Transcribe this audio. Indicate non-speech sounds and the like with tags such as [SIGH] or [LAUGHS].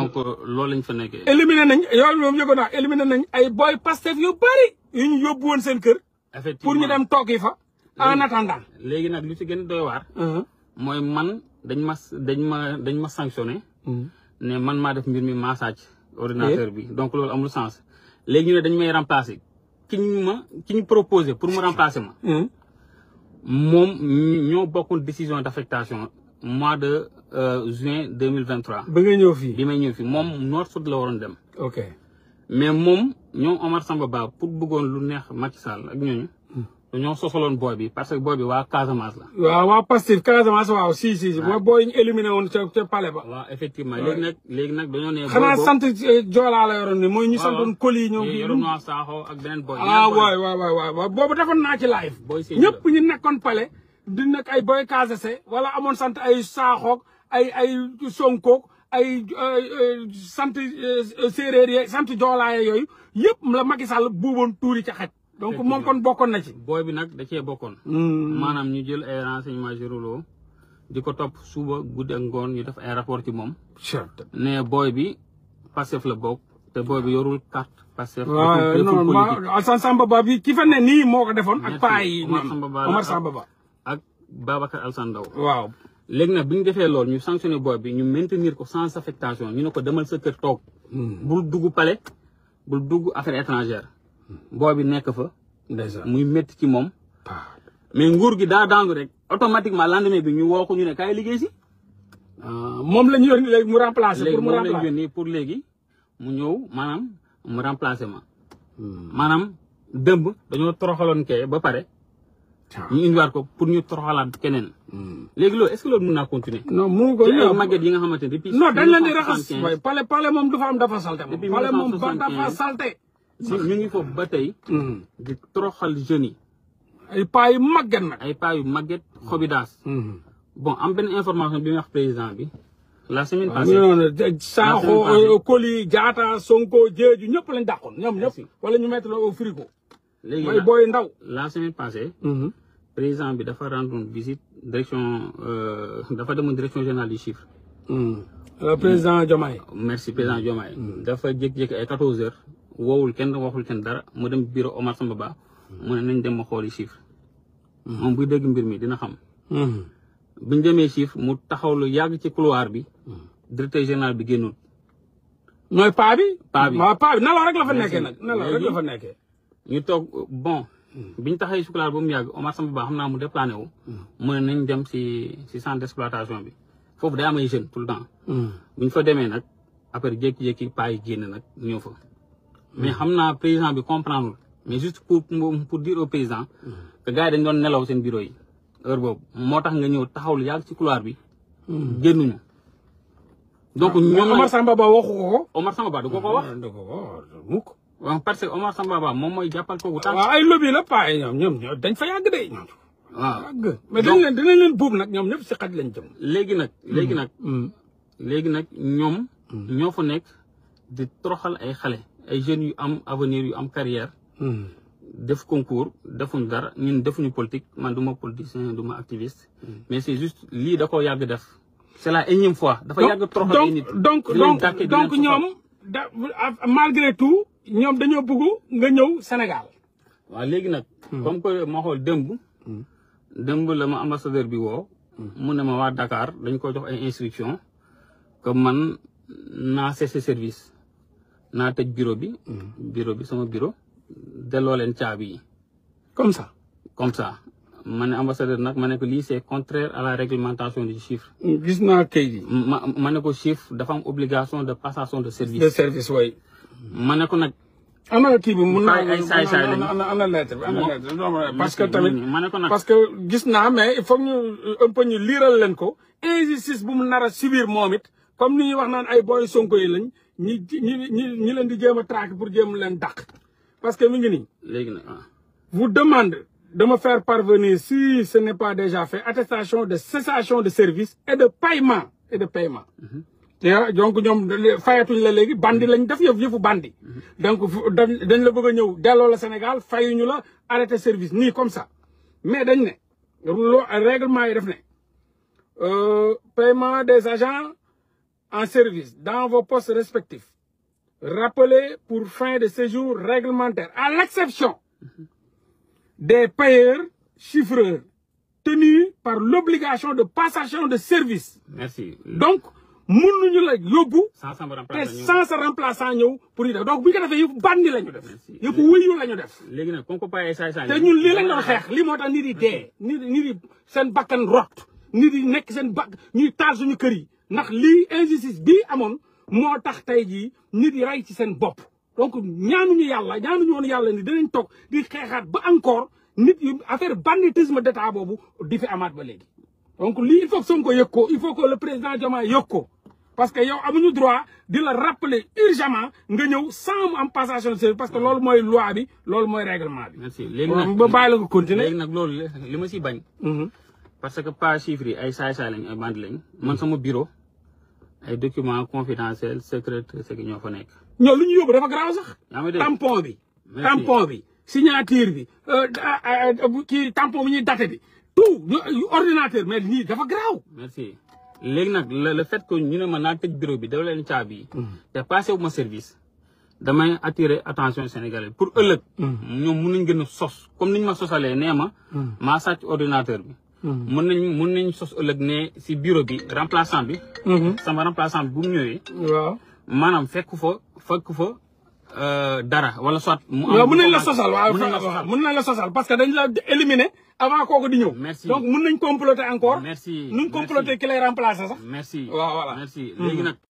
donc loolu lañ fa nekkee. éliminé nañ yow moom yëgoon naa éliminé nañ ay boy Pastef yu bari yu ñu yóbbu woon seen kër. effectivement pour ñu dem toog yi fa en attendant. léegi nag lu ci gën a doy waar. Uh-huh. mooy man dañ ma dañ ma dañ ma sanctionné. Mm-hmm. ne man maa def mbir mi maa sàcc ordinateur eh? bi donc loolu amul sens. léegi ñu ne dañ may remplacer ki ñu ma ki ñu proposé pour mu remplacer ma. Mm-hmm. moom ñoo bokkoon décision d' affectation mois de euh, juin deux mille vingt trois. ba nga ñëw fii ñëw fii moom Nouakchott la waroon dem. ok mais moom ñoom Omar Samba Ba pour bëggoon lu neex Macky Sall ak ñooñu. Hmm. dañoo sosaloon booy bi parce que booy bi wa Casamance la. waaw waa Pastef Casamance waaw si si si. waaw ah. booy ñu éliminé woon ca ca ba. waaw effectivement léegi nag dañoo ne. booy xanaa sant euh, Joolaa la yoroon ñu santoon Koli ñoom. kii yoroon naa Sakho ak beneen booy. ah waay waay boobu defoon naa ci live. booy ñëpp ñu nekkoon Palais. di nekk ay boy casese wala amoon sant ay saaxoog ay ay sonkoog ay sant eh, séeréer ye sant joolaaye yooyu yëpp la Macky Sall buuboon tuuri ca xaj donc moom kon bokkoon na ci booy bi nag da cee bokkoon hmm. maanaam ñu jël ay renseignement jéroloo di ko topp suba guddi ak ngoon ñu def ay rapport ci moom ne booy bi Pastef la bokk te booy bi yorul carte Pastef non Samba Ba bi ci fa ne nii moo ko defoon ak paa yi Omar Samba Ba Babacar Alassane Ndao waaw léegi nag bi ñu defee loolu ñu sanctionné booy bi ñu maintenir ko sans affectation ñu ne ko demal sa kër toog hmm. bul dugg palais bul dugg affaire étrangère hmm. booy bi nekk fa muy métti ci moom mais nguur gi daa daanu rek automatiquement lendemain bi ñu woo ko ñu ne kaay liggéey si ah, moom la ñu yónni léegi mu remplacer pour léegi mu ñëw maanaam mu remplacer ma hmm. maanaam dëmb dañoo toroxaloon kee ba pare ñu indiwaat ko pour ñu toroxalaat keneen. Hmm. léegi loolu est-ce que loolu mën naa continuer. no mu ko ay màgget yi nga xamante ne depuis. non dañ leen di raxas waaye pale pale du fa am dafa salte moom. depuis pale dafa salte. ñu ngi foofu ba tey. Hmm. di toroxal yi. ay paa yu màgget nag. ay paa yu màgget xobidaas. Hmm. bon am benn information bi wax président bi. la semaine passée eh, Sakho Koli eh, Diatta Sonko Diédhiou ñëpp lañ dàqoon ñoom ñëpp. wala ñu mettre la au frigo. léegi mooy booy ndaw la semaine passée. Mm-hmm. président bi dafa rendre visite direction euh, [LAUGHS] dafa demoon direction générale du chiffre. Mm-hmm. Euh, président mm. Diomaye. merci président mm-hmm. Diomaye. dafa jékki-jékki ay quatorze heures. woowul kenn waxul kenn dara mu dem bureau Omar Samba Ba. mu ne nañ dem ma xooli chiffre. moom buy dégg mbir mi dina xam. biñ demee chiffre mu taxaw lu yàgg ci couloir bi. directeur général bi génnul. mooy paa bi. paa bi waaw paa rek la fa nekkee nag. nelaw rek la fa nekkee. ñu toog bon bi ñu taxee sukulaar ba mu yàgg Omar Samba Ba xam naa mu déplané mu ne nañ dem si si centre d' bi foofu day am ay jeunes tout le temps. bu ñu fa demee nag après jékki-jékki paa yi génn nag ñëw fa. mais xam naa président bi comprendre mais juste pour pour dire au président. que gars dañ doon nelaw seen bureau yi heure boobu moo tax nga ñëw taxawlu yàgg ci couloir bi. génnuñu. donc ñoom Omar Samba Ba waxu ko. Omar Samba Ba du ko ko wax. mukk waaw parce que Omar Samba Ba moom mooy jàppal kooku. tànk waaw ay lobby la paa yi ñoom ñoom fa yàgg de. nag ñoom ñëpp si xaj lañ jëm. léegi nag léegi nag. Mm. Mm. nag ñoom. Mm. ñoo fa nekk di toroxal ay xale ay jeunes yu am avenir yu am carrière. def concours defuñ dara ñun defuñu politique man du ma politicien du ma activiste. mais c'est juste lii da koo yàgg def. c'est la énième fois. dafa yàgg toroxal ay nit donc donc donc ñoom da malgré tout. ñoom dañoo bëgg nga ñëw Sénégal. waaw léegi nag. Hmm. comme que ma xool dëmb. Hmm. dëmb la ma ambassadeur bi woo. Hmm. mu ne ma waa Dakar dañ ko jox ay instruction que man naa cessé service naa tëj bureau bi. bureau bi sama bureau delloo leen caabi yi. comme ça. comme ça ma ne ambassadeur nag ma ne ko lii c'est contraire à la réglementation du chiffre. gis naa kayit yi. ma ma ne ko chiffre dafa am obligation de passation de service. de service waay. ma ne ko nag. am na kii bi mun naa ay saay saay lañu am na lettre bi am na lettre bi parce que tamit ma ne ko que gis naa mais il faut ñu euh, un peu ñu liiral leen ko injustice bu mu nar a subir moom it comme ni ñuy wax naan ay booy sonko yi lañ ñi ñi ñi ñi leen di jéem a traqué pour jéem leen dàq parce que mi ngi nii léegi nag ah. vous demande dama me faire parvenir si ce n'est pas déjà fait attestation de cessation de service et de paiement et de paiement mm-hmm. Ah, donc ñoom fayatuñ la léegi bandi lañ def yëf yëfu bandi mm-hmm. donc dañ la bëgg a ñëw delloo la Sénégal fayuñu la arrêté service nii comme ça mais dañ ne loo règlement yi def ne euh, paiement des agents en service dans vos postes respectifs rappelés pour fin de séjour réglementaire à l'exception mm-hmm. des payeurs chiffreurs tenu par l'obligation de passation de service. Merci. Donc, mënuñu la yóbbu. te sans sa remplaçant ñëw pour ñu def donc bu ñu ko defee yëpp bandi la ñu def. yëpp wëyu la ñu def. léegi nag ko bàyyee saay saay te xeex lii moo tax nit yi dee. nit nit yi seen bakkan rot nit yi nekk seen bakk ñuy taal suñu kër yi ndax lii injustice bi amoon moo tax tey jii nit yi rey ci seen bopp. donc ñaanuñu yàlla ñu woon yàlla ni dinañ toog di xeexaat ba encore nit yi affaire banditisme d'état boobu di fi amaat ba léegi. donc lii il faut que Sonko yëg ko il faut que le président Diomaye yëg ko parce que yow amuñu droit di la rappeler urgemment nga ñëw sans am passation de service parce que loolu mooy loi bi loolu mooy règlement bi. merci léegi nag ba bàyyi la nga continuer léegi nag loolu li ma si bañ. Mhm. parce que pas chiffres yi ay saay-saay lañ ay band lañ. man sama bureau ay documents confidentiels secret ce que ñoo fa nekk. ñoo lu ñu yóbbu dafa garaaw sax. tampon bi. tampon bi signature bi euh, euh, euh, kii tampon bi ñuy date bi. tout ordinateur mais nii dafa garaaw. merci. léegi nag le fait que ñu ne ma naa tëj bureau bi dafa leen caabi. Mm. te passé wu ma service damay attirer attention sénégalais pour ëllëg. Mm. ñoom mun nañ gën a sos comme ni ñu ma sosalee nee ma. Mm. maa sàcc ordinateur bi. mën nañ mun nañ sos ëllëg ne si bureau bi remplaçant bi. Mm-hmm. sama remplaçant bi bu mu ñëwee. waaw maanaam fekk fa fekk fa. Euh, dara wala soit. mu am mën nañ la sosal waaw mën nañ la parce que dañ la éliminer avant kooku di ñëw. merci donc mun nañ comploter encore. merci nuñ comploter ki lay remplacer sax. merci waaw voilà merci léegi